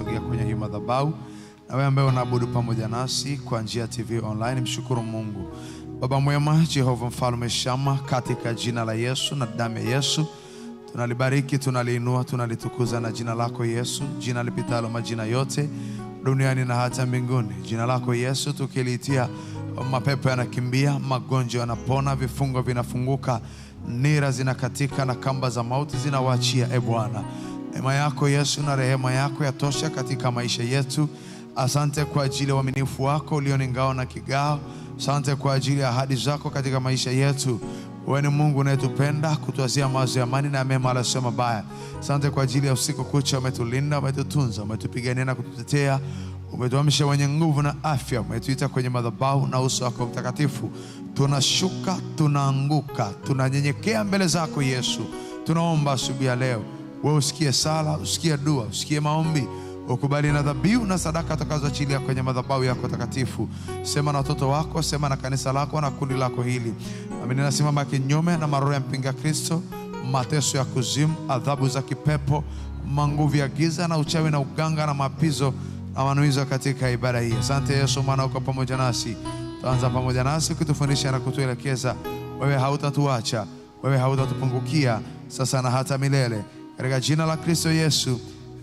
wanasogea kwenye hii madhabahu, na wewe ambaye unaabudu pamoja nasi kwa njia TV online, mshukuru Mungu. Baba mwema, Jehova mfalme shama, katika jina la Yesu na damu ya Yesu tunalibariki, tunaliinua, tunalitukuza na jina lako Yesu, jina lipitalo majina yote duniani na hata mbinguni. Jina lako Yesu tukiliitia, mapepo yanakimbia, magonjwa yanapona, vifungo vinafunguka, nira zinakatika na kamba za mauti zinawaachia. E Bwana Neema yako Yesu na rehema yako yatosha katika maisha yetu. Asante kwa ajili ya uaminifu wako ulio ni ngao na kigao. Asante kwa ajili ya ahadi zako katika maisha yetu. Wewe ni Mungu unayetupenda kutuazia mawazo ya amani na mema wala sio mabaya. Asante kwa ajili ya usiku kucha, umetulinda, umetutunza, umetupigania na kututetea, umetuamsha wenye nguvu na afya, umetuita kwenye madhabahu na uso wako mtakatifu. Tunashuka, tunaanguka, tunanyenyekea mbele zako Yesu. Tunaomba asubuhi ya leo wewe usikie sala, usikie dua, usikie maombi, ukubali na dhabihu na sadaka atakazoachilia kwenye madhabahu yako takatifu. Sema na watoto wako, sema na kanisa lako na kundi lako hili. amini nasimama kinyume na maroho ya mpinga Kristo, mateso ya kuzimu, adhabu za kipepo, manguvu ya giza na uchawi na uganga na mapizo na manuizo katika ibada hii. Asante Yesu, maana uko pamoja nasi. Utaanza pamoja nasi ukitufundisha na kutuelekeza. Wewe hautatuacha, wewe hautatupungukia sasa na hata milele katika jina la Kristo Yesu,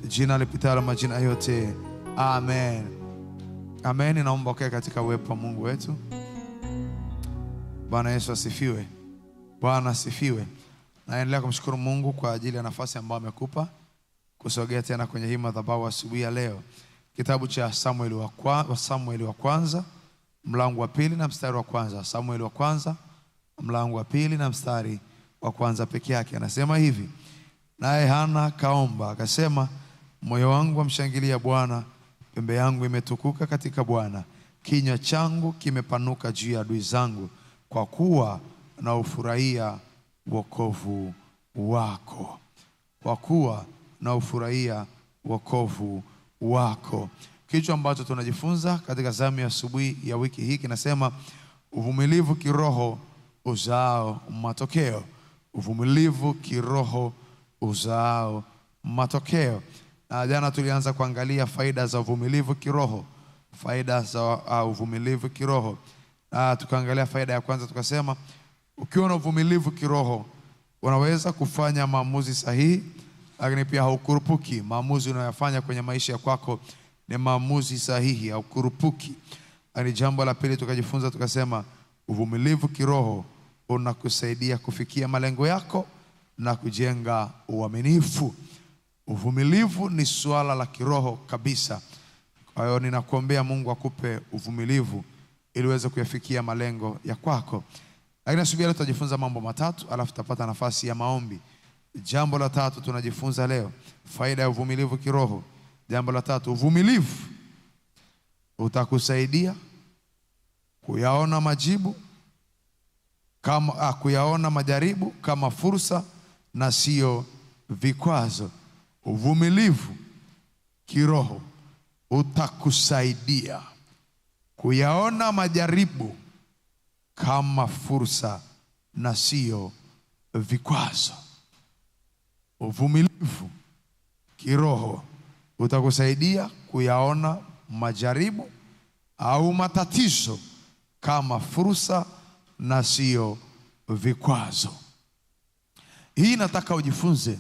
jina lipitalo majina yote, amen. Amen, naomba ukae katika uwepo wa Mungu wetu. Bwana Yesu asifiwe. Bwana asifiwe. Naendelea kumshukuru Mungu kwa ajili ya nafasi ambayo amekupa kusogea tena kwenye hii madhabahu asubuhi ya leo. Kitabu cha samuel wa, kwa, Samuel wa kwanza mlango wa pili na mstari wa kwanza. samuel wa kwanza mlango wa pili na mstari wa kwanza peke yake anasema hivi: Naye Hana kaomba akasema, moyo wangu wamshangilia Bwana, pembe yangu imetukuka katika Bwana. Kinywa changu kimepanuka juu ya adui zangu, kwa kuwa naufurahia wokovu wako, kwa kuwa naufurahia wokovu wako. Kichwa ambacho tunajifunza katika zamu ya asubuhi ya wiki hii kinasema uvumilivu kiroho uzao matokeo. Uvumilivu kiroho uzao matokeo. Na jana tulianza kuangalia faida za uvumilivu kiroho, faida za uh, uvumilivu kiroho na tukaangalia faida ya kwanza, tukasema ukiwa na uvumilivu kiroho unaweza kufanya maamuzi sahihi, lakini pia haukurupuki. Maamuzi unayofanya kwenye maisha ya kwako ni maamuzi sahihi, haukurupuki. Lakini jambo la pili tukajifunza, tukasema uvumilivu kiroho unakusaidia kufikia malengo yako na kujenga uaminifu. Uvumilivu ni suala la kiroho kabisa. Kwa hiyo ninakuombea Mungu akupe uvumilivu ili uweze kuyafikia malengo ya kwako. Lakini asubuhi leo tutajifunza mambo matatu, alafu tutapata nafasi ya maombi. Jambo la tatu tunajifunza leo, faida ya uvumilivu kiroho. Jambo la tatu, uvumilivu utakusaidia kuyaona majibu kama ah, kuyaona majaribu kama fursa na sio vikwazo. Uvumilivu kiroho utakusaidia kuyaona majaribu kama fursa na sio vikwazo. Uvumilivu kiroho utakusaidia kuyaona majaribu au matatizo kama fursa na sio vikwazo hii nataka ujifunze.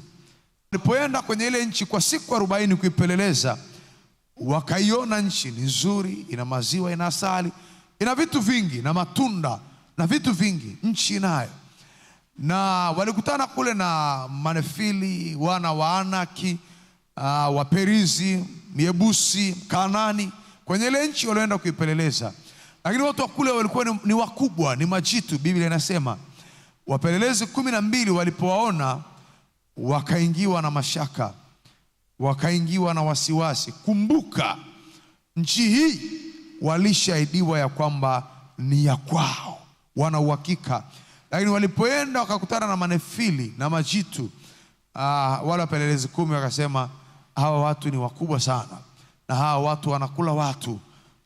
Walipoenda kwenye ile nchi kwa siku arobaini kuipeleleza, wakaiona nchi ni nzuri, ina maziwa, ina asali, ina vitu vingi na matunda na vitu vingi, nchi inayo. Na walikutana kule na Manefili, wana wa Anaki, uh, ah, Waperizi, myebusi Kanani, kwenye ile nchi walioenda kuipeleleza. Lakini watu wa kule walikuwa ni, ni wakubwa, ni majitu. Biblia inasema Wapelelezi kumi na mbili walipowaona wakaingiwa na mashaka, wakaingiwa na wasiwasi. Kumbuka nchi hii walishaidiwa ya kwamba ni ya kwao, wana uhakika. Lakini walipoenda wakakutana na manefili na majitu, ah, wale wapelelezi kumi wakasema, hawa watu ni wakubwa sana, na hawa watu wanakula watu.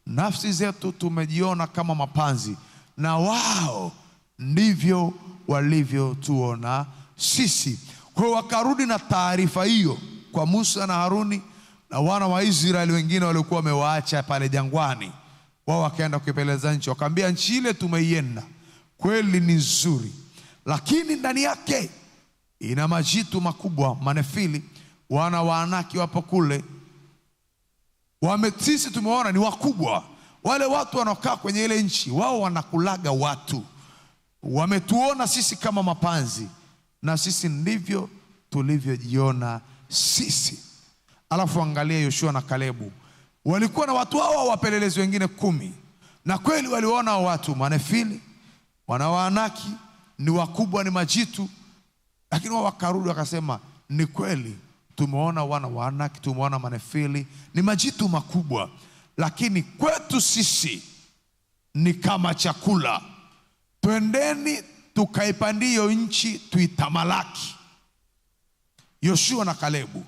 Nafsi zetu tumejiona kama mapanzi, na wao ndivyo walivyotuona sisi. Kwa hiyo wakarudi na taarifa hiyo kwa Musa na Haruni na wana wa Israeli wengine waliokuwa wamewaacha pale jangwani, wao wakaenda kuipeleleza nchi, wakaambia nchi ile tumeienda kweli ni nzuri, lakini ndani yake ina majitu makubwa, manefili, wana wa Anaki wapo kule wametisi, sisi tumeona ni wakubwa wale watu wanaokaa kwenye ile nchi, wao wanakulaga watu Wametuona sisi kama mapanzi, na sisi ndivyo tulivyojiona sisi. Alafu angalia Yoshua na Kalebu, walikuwa na watu hawa wapelelezi wengine kumi, na kweli waliwaona watu Manefili, wanawaanaki ni wakubwa, ni majitu, lakini wao wakarudi wakasema, ni kweli tumeona wana waanaki, tumeona Manefili, ni majitu makubwa, lakini kwetu sisi ni kama chakula twendeni tukaipandie hiyo nchi tuitamalaki. Yoshua na Kalebu,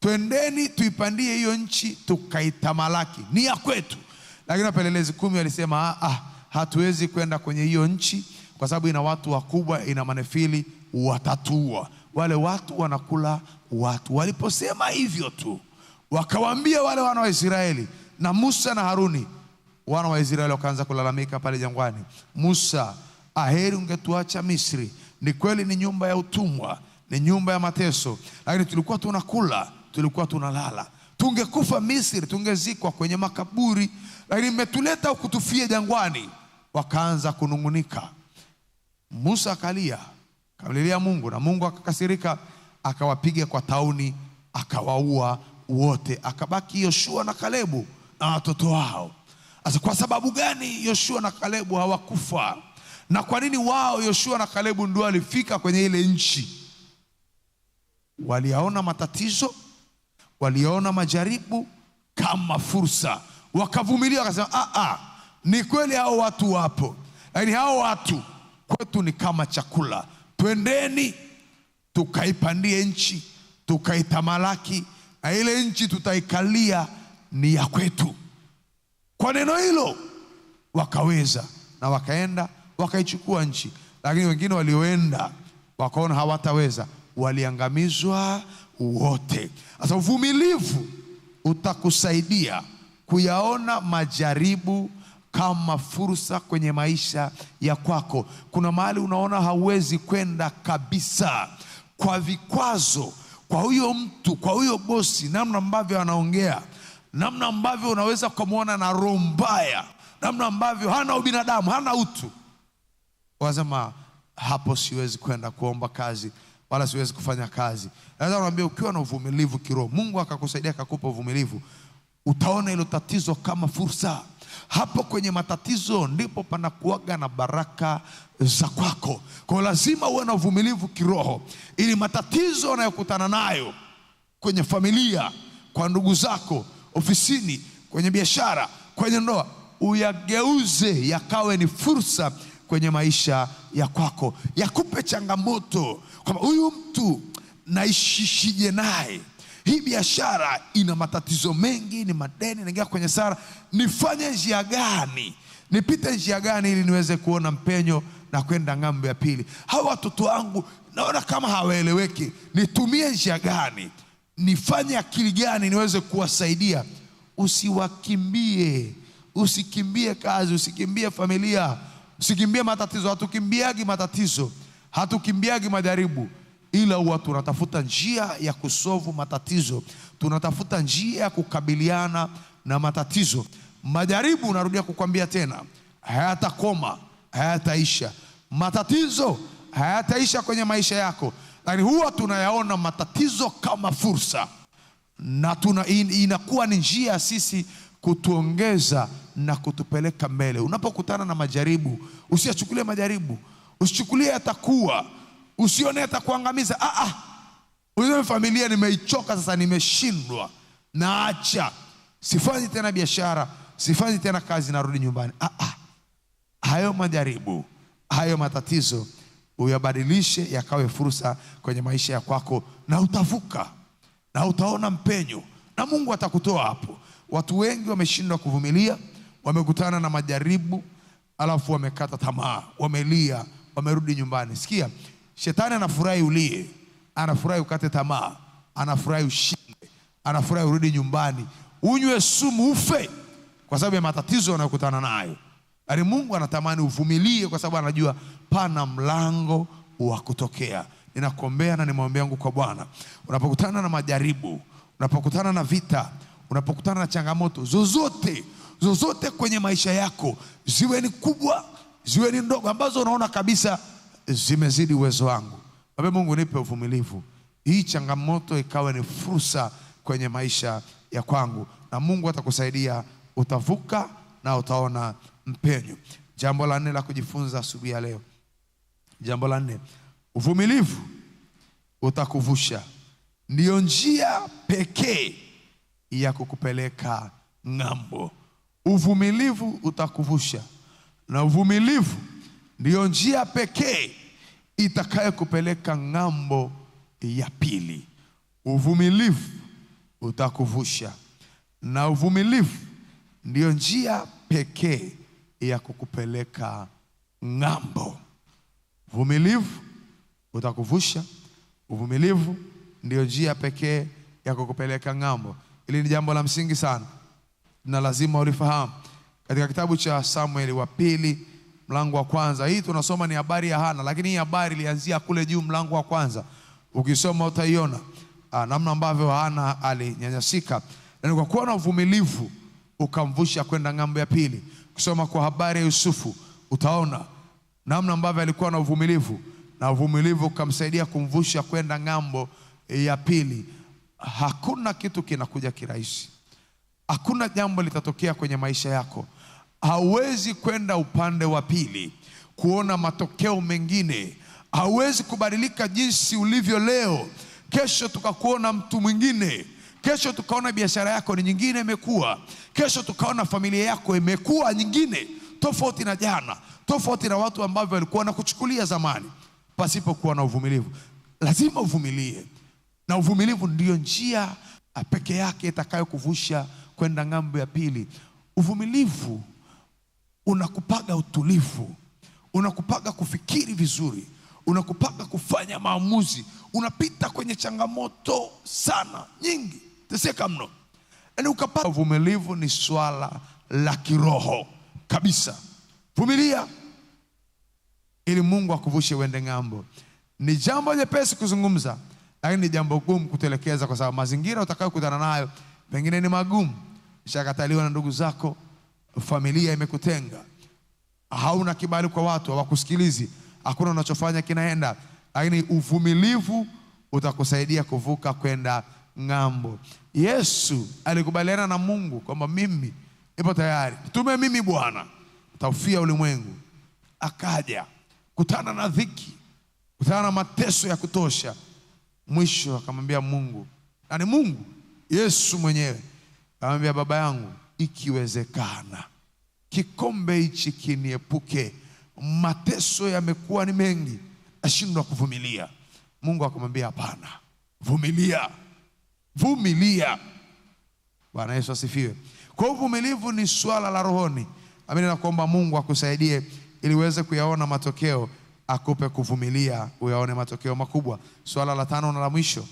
twendeni tuipandie hiyo nchi tukaitamalaki, ni ya kwetu. Lakini wapelelezi kumi walisema ah, ah, hatuwezi kwenda kwenye hiyo nchi kwa sababu ina watu wakubwa, ina manefili watatua wale watu wanakula watu. Waliposema hivyo tu, wakawaambia wale wana wa Israeli na Musa na Haruni wana wa Israeli wakaanza kulalamika pale jangwani, Musa, aheri ungetuacha Misri. Ni kweli ni nyumba ya utumwa, ni nyumba ya mateso, lakini tulikuwa tunakula, tulikuwa tunalala. Tungekufa Misri, tungezikwa kwenye makaburi, lakini mmetuleta ukutufie jangwani. Wakaanza kunung'unika. Musa akalia, kamlilia Mungu na Mungu akakasirika, akawapiga kwa tauni, akawaua wote, akabaki Yoshua na Kalebu na watoto wao. Sasa kwa sababu gani Yoshua na Kalebu hawakufa? Na kwa nini wao Yoshua na Kalebu ndio walifika kwenye ile nchi? Waliyaona matatizo, waliyaona majaribu kama fursa, wakavumilia, wakasema a ah, a, ah, ni kweli hao watu wapo, yaani hao watu kwetu ni kama chakula, twendeni tukaipandie nchi tukaitamalaki, na ile nchi tutaikalia ni ya kwetu. Kwa neno hilo wakaweza na wakaenda wakaichukua nchi, lakini wengine walioenda wakaona hawataweza, waliangamizwa wote. Sasa uvumilivu utakusaidia kuyaona majaribu kama fursa kwenye maisha ya kwako. Kuna mahali unaona hauwezi kwenda kabisa, kwa vikwazo, kwa huyo mtu, kwa huyo bosi, namna ambavyo anaongea namna ambavyo unaweza ukamwona na roho mbaya, namna ambavyo hana ubinadamu, hana utu. wanasema hapo, siwezi kwenda kuomba kazi wala siwezi kufanya kazi. Naweza kuambia ukiwa na uvumilivu kiroho, Mungu akakusaidia akakupa uvumilivu, utaona hilo tatizo kama fursa. Hapo kwenye matatizo ndipo panakuaga na baraka za kwako. Kwa lazima uwe na uvumilivu kiroho, ili matatizo unayokutana nayo kwenye familia, kwa ndugu zako ofisini, kwenye biashara, kwenye ndoa, uyageuze yakawe ni fursa kwenye maisha ya kwako, yakupe changamoto kwamba huyu mtu naishishije naye hii biashara ina matatizo mengi, ni madeni, naingia kwenye sara. Nifanye njia gani? Nipite njia gani ili niweze kuona mpenyo na kwenda ng'ambo ya pili? Hawa watoto wangu naona kama hawaeleweki, nitumie njia gani? nifanye akili gani niweze kuwasaidia? Usiwakimbie, usikimbie kazi, usikimbie familia, usikimbie matatizo. Hatukimbiagi matatizo, hatukimbiagi majaribu, ila huwa tunatafuta njia ya kusovu matatizo, tunatafuta njia ya kukabiliana na matatizo. Majaribu, narudia kukwambia tena, hayatakoma hayataisha. Matatizo hayataisha kwenye maisha yako lakini huwa tunayaona matatizo kama fursa na tuna, in, inakuwa ni njia sisi kutuongeza na kutupeleka mbele. Unapokutana na majaribu, usiyachukulie majaribu, usichukulie yatakuwa, usione yatakuangamiza. Ah, ah, usione familia nimeichoka sasa, nimeshindwa, naacha, sifanyi tena biashara, sifanyi tena kazi, narudi nyumbani. Ah, ah, hayo majaribu, hayo matatizo uyabadilishe yakawe fursa kwenye maisha ya kwako, na utavuka na utaona mpenyo na Mungu atakutoa hapo. Watu wengi wameshindwa kuvumilia, wamekutana na majaribu alafu wamekata tamaa, wamelia, wamerudi nyumbani. Sikia, shetani anafurahi ulie, anafurahi ukate tamaa, anafurahi ushinde, anafurahi urudi nyumbani, unywe sumu, ufe kwa sababu ya matatizo wanayokutana nayo. Yaani Mungu anatamani uvumilie, kwa sababu anajua pana mlango wa kutokea. Ninakuombea na nimwombea Mungu kwa Bwana, unapokutana na majaribu, unapokutana na vita, unapokutana na changamoto zozote zozote kwenye maisha yako, ziwe ni kubwa, ziwe ni ndogo, ambazo unaona kabisa zimezidi uwezo wangu, mwambie Mungu, nipe uvumilivu, hii changamoto ikawe ni fursa kwenye maisha ya kwangu, na Mungu atakusaidia, utavuka na utaona mpenyu. Jambo la nne la kujifunza asubuhi ya leo, jambo la nne, uvumilivu utakuvusha. Ndiyo njia pekee ya kukupeleka ng'ambo. Uvumilivu utakuvusha, na uvumilivu ndiyo njia pekee itakayokupeleka ng'ambo ya pili. Uvumilivu utakuvusha, na uvumilivu ndiyo njia pekee ya kukupeleka ng'ambo. Vumilivu utakuvusha. Uvumilivu ndiyo njia pekee ya kukupeleka ng'ambo. Hili ni jambo la msingi sana na lazima ulifahamu. Katika kitabu cha Samueli wa pili mlango wa kwanza, hii tunasoma ni habari ya Hana, lakini hii habari ilianzia kule juu mlango wa kwanza. Ukisoma utaiona ah, namna ambavyo Hana alinyanyasika, na kwa kuwa na uvumilivu ukamvusha kwenda ng'ambo ya pili kusoma kwa habari ya Yusufu utaona namna ambavyo alikuwa na uvumilivu, na uvumilivu ukamsaidia kumvusha kwenda ng'ambo ya pili. Hakuna kitu kinakuja kirahisi. Hakuna jambo litatokea kwenye maisha yako, hauwezi kwenda upande wa pili kuona matokeo mengine. Hauwezi kubadilika jinsi ulivyo leo, kesho tukakuona mtu mwingine, kesho tukaona biashara yako ni nyingine imekuwa kesho tukaona familia yako imekuwa nyingine tofauti na jana tofauti na watu ambavyo walikuwa na kuchukulia zamani pasipokuwa na uvumilivu lazima uvumilie na uvumilivu ndiyo njia peke yake itakayokuvusha kwenda ng'ambo ya pili uvumilivu unakupaga utulivu unakupaga kufikiri vizuri unakupaga kufanya maamuzi unapita kwenye changamoto sana nyingi teseka mno yani ukapata uvumilivu ni swala la kiroho kabisa. Vumilia ili Mungu akuvushe uende ng'ambo. Ni jambo jepesi kuzungumza, lakini ni jambo gumu kutelekeza, kwa sababu mazingira utakayokutana nayo pengine ni magumu. ishakataliwa na ndugu zako, familia imekutenga, hauna kibali kwa watu, hawakusikilizi, hakuna unachofanya kinaenda, lakini uvumilivu utakusaidia kuvuka kwenda ng'ambo. Yesu alikubaliana na Mungu kwamba mimi ipo tayari, mtume mimi Bwana, taufia ulimwengu. Akaja kutana na dhiki, kutana na mateso ya kutosha, mwisho akamwambia Mungu, na ni Mungu Yesu mwenyewe akamwambia, baba yangu, ikiwezekana kikombe hichi kiniepuke, mateso yamekuwa ni mengi, nashindwa kuvumilia. Mungu akamwambia, hapana, vumilia vumilia. Bwana Yesu asifiwe. Kwa uvumilivu ni swala la rohoni. Amini nakuomba kuomba Mungu akusaidie ili uweze kuyaona matokeo, akupe kuvumilia, uyaone matokeo makubwa. Swala la tano na la mwisho,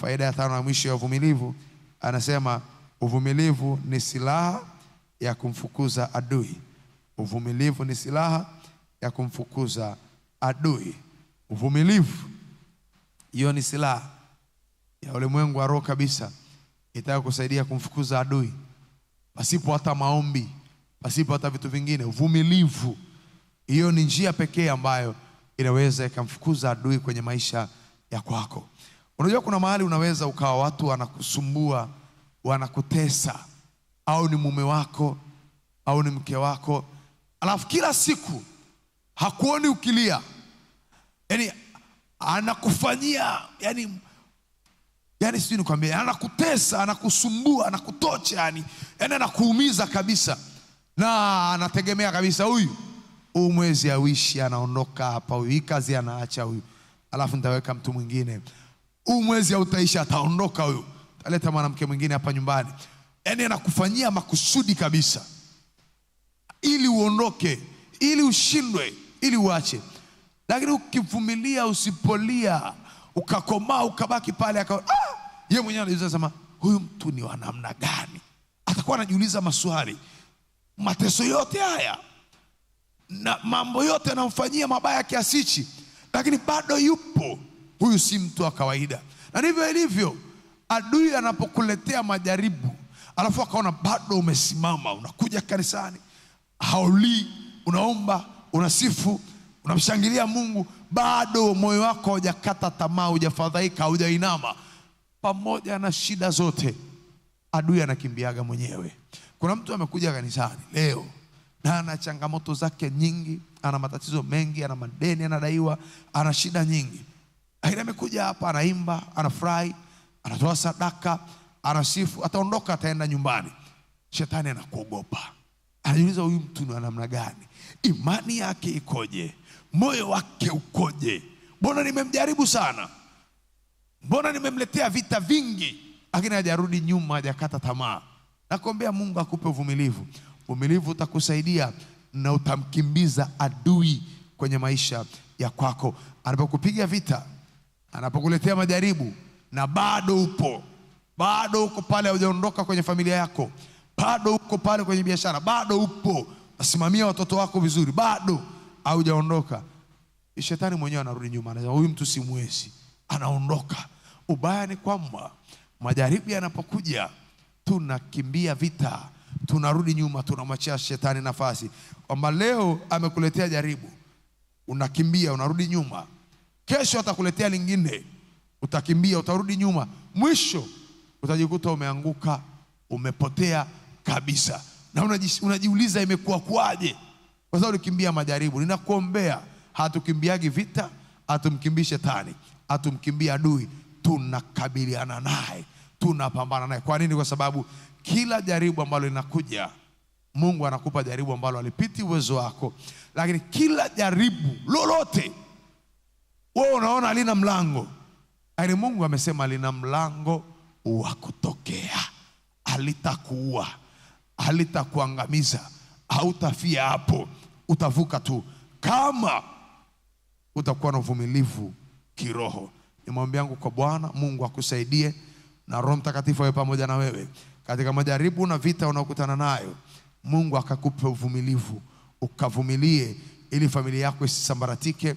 faida ya tano na mwisho ya uvumilivu, anasema uvumilivu ni silaha ya kumfukuza adui. Uvumilivu ni silaha ya kumfukuza adui. Uvumilivu hiyo ni silaha ya ulimwengu wa roho kabisa itaka kusaidia kumfukuza adui pasipo hata maombi, pasipo hata vitu vingine, uvumilivu. Hiyo ni njia pekee ambayo inaweza ikamfukuza adui kwenye maisha ya kwako. Unajua, kuna mahali unaweza ukawa watu wanakusumbua, wanakutesa, au ni mume wako au ni mke wako, alafu kila siku hakuoni ukilia, yani anakufanyia yani yani sijui nikwambia, anakutesa, anakusumbua, anakutocha, yani yani anakuumiza kabisa, na anategemea kabisa huyu huu mwezi awishi, anaondoka hapa, huyu hii kazi anaacha huyu, alafu nitaweka mtu mwingine, huu mwezi hautaisha, ataondoka huyu, taleta mwanamke mwingine hapa nyumbani. Yani anakufanyia makusudi kabisa, ili uondoke, ili ushindwe, ili uache. Lakini ukivumilia, usipolia, ukakomaa, ukabaki pale, akaona ah! Yeye mwenyewe anajiuliza sema, huyu mtu ni wa namna gani? Atakuwa anajiuliza maswali, mateso yote haya na mambo yote anamfanyia mabaya kiasi hichi, lakini bado yupo. Huyu si mtu wa kawaida. Na ndivyo ilivyo, adui anapokuletea majaribu alafu akaona bado umesimama, unakuja kanisani, haulii, unaomba, unasifu, unamshangilia Mungu, bado moyo wako haujakata tamaa, hujafadhaika, haujainama pamoja na shida zote, adui anakimbiaga mwenyewe. Kuna mtu amekuja kanisani leo na ana changamoto zake nyingi, ana matatizo mengi, ana madeni anadaiwa, ana shida nyingi, lakini amekuja hapa, anaimba, anafurahi, anatoa sadaka, anasifu, ataondoka, ataenda nyumbani. Shetani anakuogopa, anajiuliza huyu mtu ni namna gani? Imani yake ikoje? Moyo wake ukoje? Mbona nimemjaribu sana mbona nimemletea vita vingi, lakini hajarudi nyuma, hajakata tamaa. Nakuombea Mungu akupe uvumilivu. Uvumilivu utakusaidia na utamkimbiza adui kwenye maisha ya kwako, anapokupiga vita, anapokuletea majaribu na bado upo, bado uko pale, hujaondoka kwenye familia yako, bado uko pale kwenye biashara, bado upo, nasimamia watoto wako vizuri, bado haujaondoka. Shetani mwenyewe anarudi nyuma, anasema huyu mtu simwezi, anaondoka. Ubaya ni kwamba majaribu yanapokuja, tunakimbia vita, tunarudi nyuma, tunamwachia shetani nafasi kwamba leo amekuletea jaribu, unakimbia, unarudi nyuma. Kesho atakuletea lingine, utakimbia, utarudi nyuma, mwisho utajikuta umeanguka, umepotea kabisa, na unaji, unajiuliza imekuwa kwaje? Kwa sababu ulikimbia majaribu. Ninakuombea, hatukimbiagi vita, hatumkimbii shetani, hatumkimbii adui tunakabiliana naye, tunapambana naye. Kwa nini? Kwa sababu kila jaribu ambalo linakuja Mungu anakupa jaribu ambalo alipiti uwezo wako, lakini kila jaribu lolote wewe unaona lina mlango, lakini Mungu amesema lina mlango wa kutokea. Halitakuua, halitakuangamiza, hautafia hapo, utavuka tu, kama utakuwa na uvumilivu kiroho. Ni maombi yangu kwa Bwana Mungu akusaidie na Roho Mtakatifu awe pamoja na wewe katika majaribu na vita unaokutana nayo. Mungu akakupe uvumilivu, ukavumilie ili familia yako isisambaratike,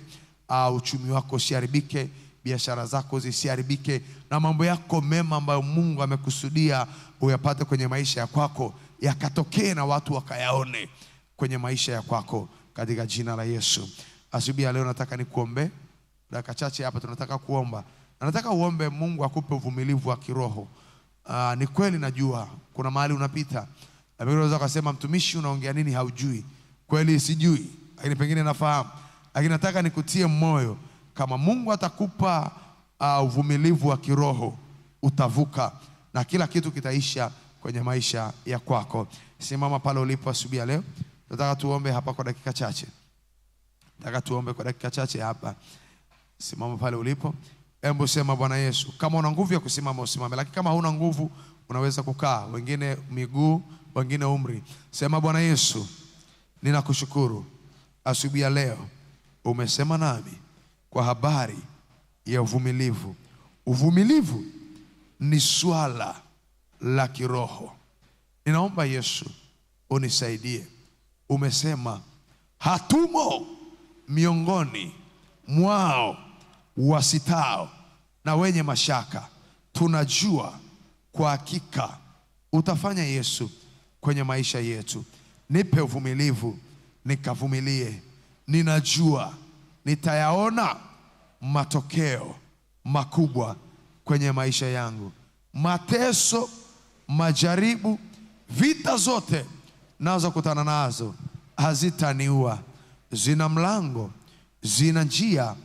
au uchumi wako usiharibike, biashara zako zisiharibike, na mambo yako mema ambayo Mungu amekusudia uyapate kwenye maisha ya kwako yakatokee na watu wakayaone kwenye maisha ya kwako katika jina la Yesu. Asubuhi ya leo nataka nikuombe dakika chache hapa, tunataka kuomba. Nataka uombe Mungu akupe uvumilivu wa kiroho. Uh, ni kweli najua kuna mahali unapita, pengine unaweza ukasema mtumishi, unaongea nini? Haujui kweli? Sijui, lakini pengine nafahamu, lakini nataka nikutie moyo, kama Mungu atakupa uh, uvumilivu wa kiroho utavuka na kila kitu kitaisha kwenye maisha ya kwako. Simama pale ulipo asubuhi leo, nataka tuombe hapa kwa dakika chache, nataka tuombe kwa dakika chache hapa. Simama pale ulipo, hebu sema Bwana Yesu. Kama una nguvu ya kusimama usimame, lakini kama hauna nguvu unaweza kukaa, wengine miguu, wengine umri. Sema Bwana Yesu, ninakushukuru asubuhi ya leo umesema nami kwa habari ya uvumilivu. Uvumilivu ni swala la kiroho. Ninaomba Yesu unisaidie. Umesema hatumo miongoni mwao wasitao na wenye mashaka, tunajua kwa hakika utafanya Yesu kwenye maisha yetu. Nipe uvumilivu nikavumilie, ninajua nitayaona matokeo makubwa kwenye maisha yangu. Mateso, majaribu, vita zote nazo kutana nazo hazitaniua, zina mlango, zina njia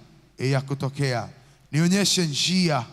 Eh, ya kutokea. Nionyeshe njia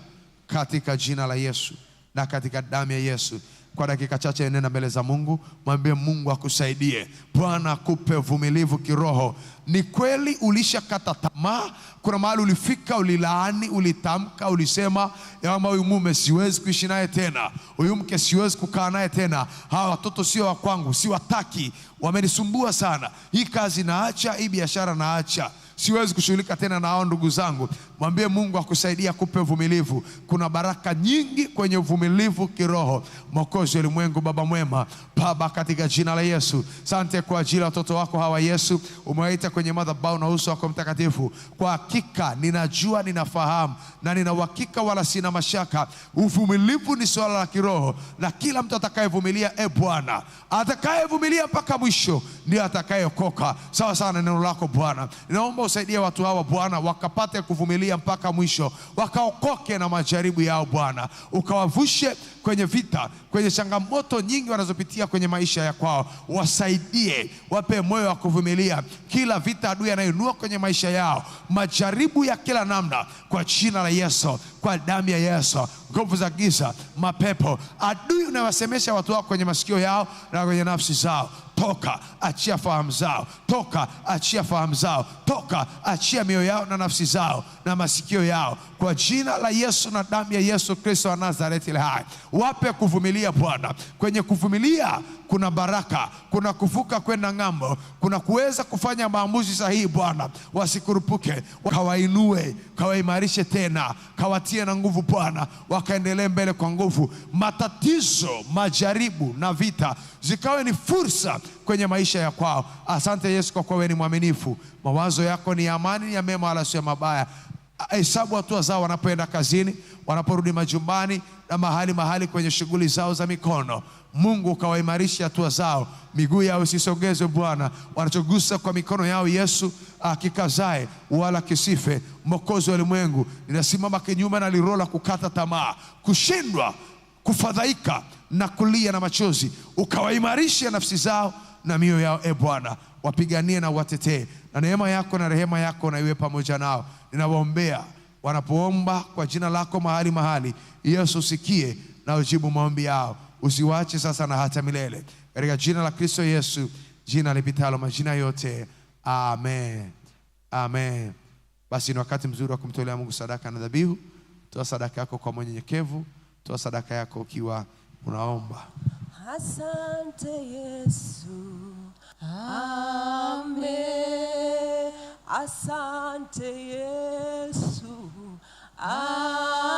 katika jina la Yesu na katika damu ya Yesu. Kwa dakika chache, nenda mbele za Mungu, mwambie Mungu akusaidie. Bwana akupe vumilivu kiroho ni kweli ulishakata tamaa, kuna mahali ulifika, ulilaani, ulitamka, ulisema ama huyu mume siwezi kuishi naye tena, huyu mke siwezi kukaa naye tena, hawa watoto sio wa kwangu, siwataki, wamenisumbua sana, hii kazi naacha, hii biashara naacha siwezi kushughulika tena na hao ndugu zangu. Mwambie Mungu akusaidia, kupe uvumilivu. Kuna baraka nyingi kwenye uvumilivu kiroho. Mwokozi wa ulimwengu, Baba mwema, Baba, katika jina la Yesu, sante kwa ajili ya watoto wako hawa Yesu umewaita kwenye madhabahu na uso wako mtakatifu. Kwa hakika ninajua, ninafahamu na nina uhakika, wala sina mashaka. Uvumilivu ni suala la kiroho, na kila mtu atakayevumilia, e Bwana, atakayevumilia mpaka mwisho ndio atakayeokoka. Sawa sana neno lako Bwana, ninaomba usaidie watu hawa Bwana, wakapate kuvumilia mpaka mwisho, wakaokoke na majaribu yao Bwana, ukawavushe kwenye vita, kwenye changamoto nyingi wanazopitia kwenye maisha ya kwao, wasaidie, wape moyo wa kuvumilia kila vita adui anayoinua kwenye maisha yao, majaribu ya kila namna, kwa jina la Yesu, kwa damu ya Yesu, nguvu za giza, mapepo, adui unawasemesha watu wako kwenye masikio yao na kwenye nafsi zao toka, achia fahamu zao, toka, achia fahamu zao, toka, achia mioyo yao na nafsi zao na masikio yao, kwa jina la Yesu na damu ya Yesu Kristo wa Nazareti ile hai. Wape kuvumilia Bwana. Kwenye kuvumilia kuna baraka, kuna kuvuka kwenda ng'ambo, kuna kuweza kufanya maamuzi sahihi. Bwana, wasikurupuke, kawainue, kawaimarishe tena, kawatie na nguvu Bwana, wakaendelee mbele kwa nguvu. Matatizo, majaribu na vita zikawe ni fursa kwenye maisha ya kwao. Asante Yesu kwa kuwa wewe ni mwaminifu. Mawazo yako ni amani, ni ya mema, wala sio mabaya. Hesabu hatua zao wanapoenda kazini, wanaporudi majumbani na mahali mahali kwenye shughuli zao za mikono. Mungu ukawaimarisha hatua zao, miguu yao isisogezwe Bwana, wanachogusa kwa mikono yao Yesu akikazae wala kisife. Mwokozi wa ulimwengu, ninasimama kinyume na lirola kukata tamaa, kushindwa kufadhaika na kulia na machozi, ukawaimarishe nafsi zao na mioyo yao. E Bwana, wapiganie na uwatetee, na neema yako na rehema yako na iwe pamoja nao. Ninawaombea wanapoomba kwa jina lako mahali mahali, Yesu usikie na ujibu maombi yao, usiwache sasa na hata milele, katika jina la Kristo Yesu, jina lipitalo majina yote, amen, amen. Basi ni wakati mzuri wa kumtolea Mungu sadaka na dhabihu. Toa sadaka yako kwa nyekevu. Toa sadaka yako ukiwa unaomba. Asante Yesu, amen. Asante Yesu,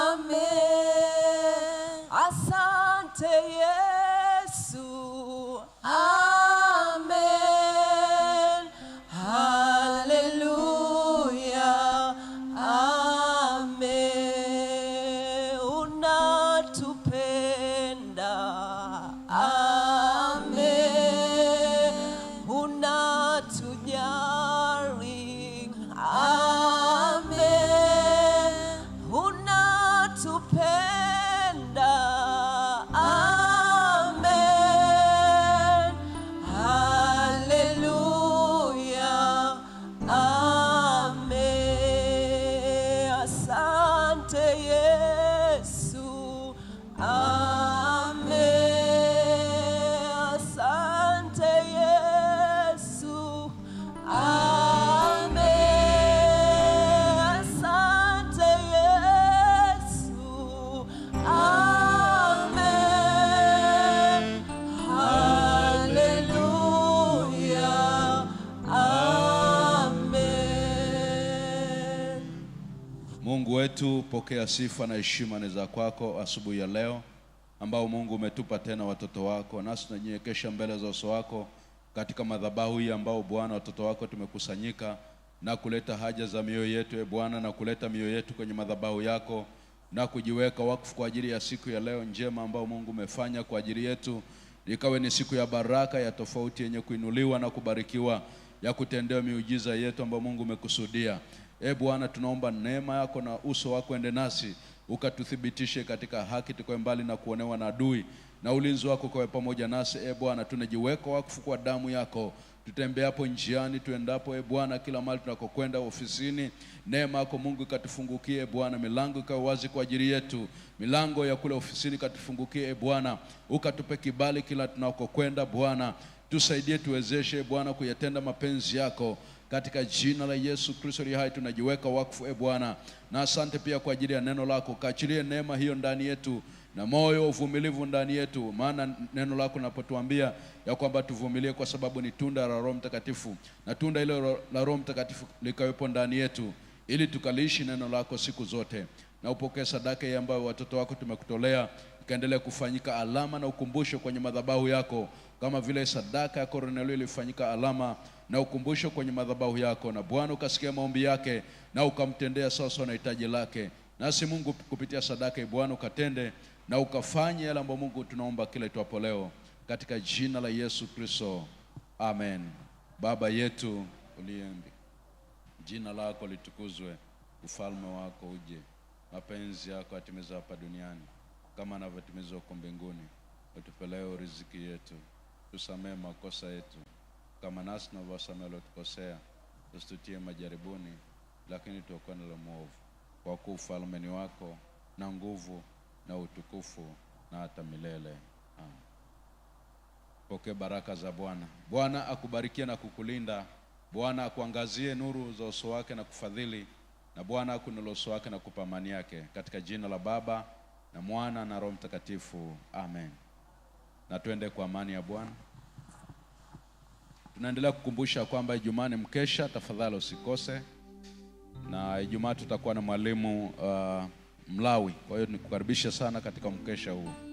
amen. pokea sifa na heshima ni za kwako asubuhi ya leo, ambao Mungu umetupa tena watoto wako, nasi tunanyenyekesha mbele za uso wako katika madhabahu hii, ambao Bwana watoto wako tumekusanyika na kuleta haja za mioyo yetu, e Bwana, na kuleta mioyo yetu kwenye madhabahu yako na kujiweka wakfu kwa ajili ya siku ya leo njema ambao Mungu umefanya kwa ajili yetu, ikawe ni siku ya baraka ya tofauti yenye kuinuliwa na kubarikiwa ya kutendewa miujiza yetu ambayo Mungu umekusudia. E Bwana, tunaomba neema yako na uso wako ende nasi, ukatuthibitishe katika haki, tukawe mbali na kuonewa na adui, na ulinzi wako ukawe pamoja nasi. E Bwana, tunajiweka wakfu kwa damu yako hapo njiani, tuendapo, e Bwana, kila mahali tunakokwenda, ofisini. Neema yako Mungu ikatufungukie, e Bwana, milango ikawe wazi kwa ajili yetu, milango ya kule ofisini ikatufungukie, e Bwana, ukatupe kibali kila tunakokwenda. Bwana, tusaidie, tuwezeshe, e Bwana, kuyatenda mapenzi yako katika jina la Yesu Kristo aliye hai tunajiweka wakfu, e Bwana, na asante pia kwa ajili ya neno lako. Kaachilie neema hiyo ndani yetu na moyo uvumilivu ndani yetu, maana neno lako linapotuambia ya kwamba tuvumilie, kwa sababu ni tunda la Roho Mtakatifu, na tunda hilo la Roho Mtakatifu likawepo ndani yetu, ili tukaliishi neno lako siku zote. Na upokee sadaka hii ambayo watoto wako tumekutolea, ikaendelea kufanyika alama na ukumbusho kwenye madhabahu yako, kama vile sadaka ya Kornelio ilifanyika alama na ukumbusho kwenye madhabahu yako, na Bwana ukasikia maombi yake na ukamtendea sasa na hitaji lake. Nasi Mungu kupitia sadaka Bwana ukatende na ukafanye yale ambayo Mungu tunaomba kila itwapo leo katika jina la Yesu Kristo, amen. Baba yetu uliye mbinguni, jina lako litukuzwe, ufalme wako uje, mapenzi yako yatimizwe hapa duniani kama anavyotimizwa huko mbinguni. Utupe leo riziki yetu, tusamee makosa yetu kama nasi tunavyowasamehe waliotukosea, usitutie majaribuni, lakini tuokoe na mwovu, kwa kuwa ufalme ni wako na nguvu na utukufu na hata milele. Amen. baraka za Bwana. Bwana akubarikie na kukulinda. Bwana akuangazie nuru za uso wake na kufadhili, na Bwana akuinulie uso wake na kupa amani yake, katika jina la Baba na Mwana na Roho Mtakatifu, amen. Na twende kwa amani ya Bwana tunaendelea kukumbusha kwamba Ijumaa ni mkesha, tafadhali usikose, na Ijumaa tutakuwa na mwalimu uh, Mlawi. Kwa hiyo nikukaribisha sana katika mkesha huu.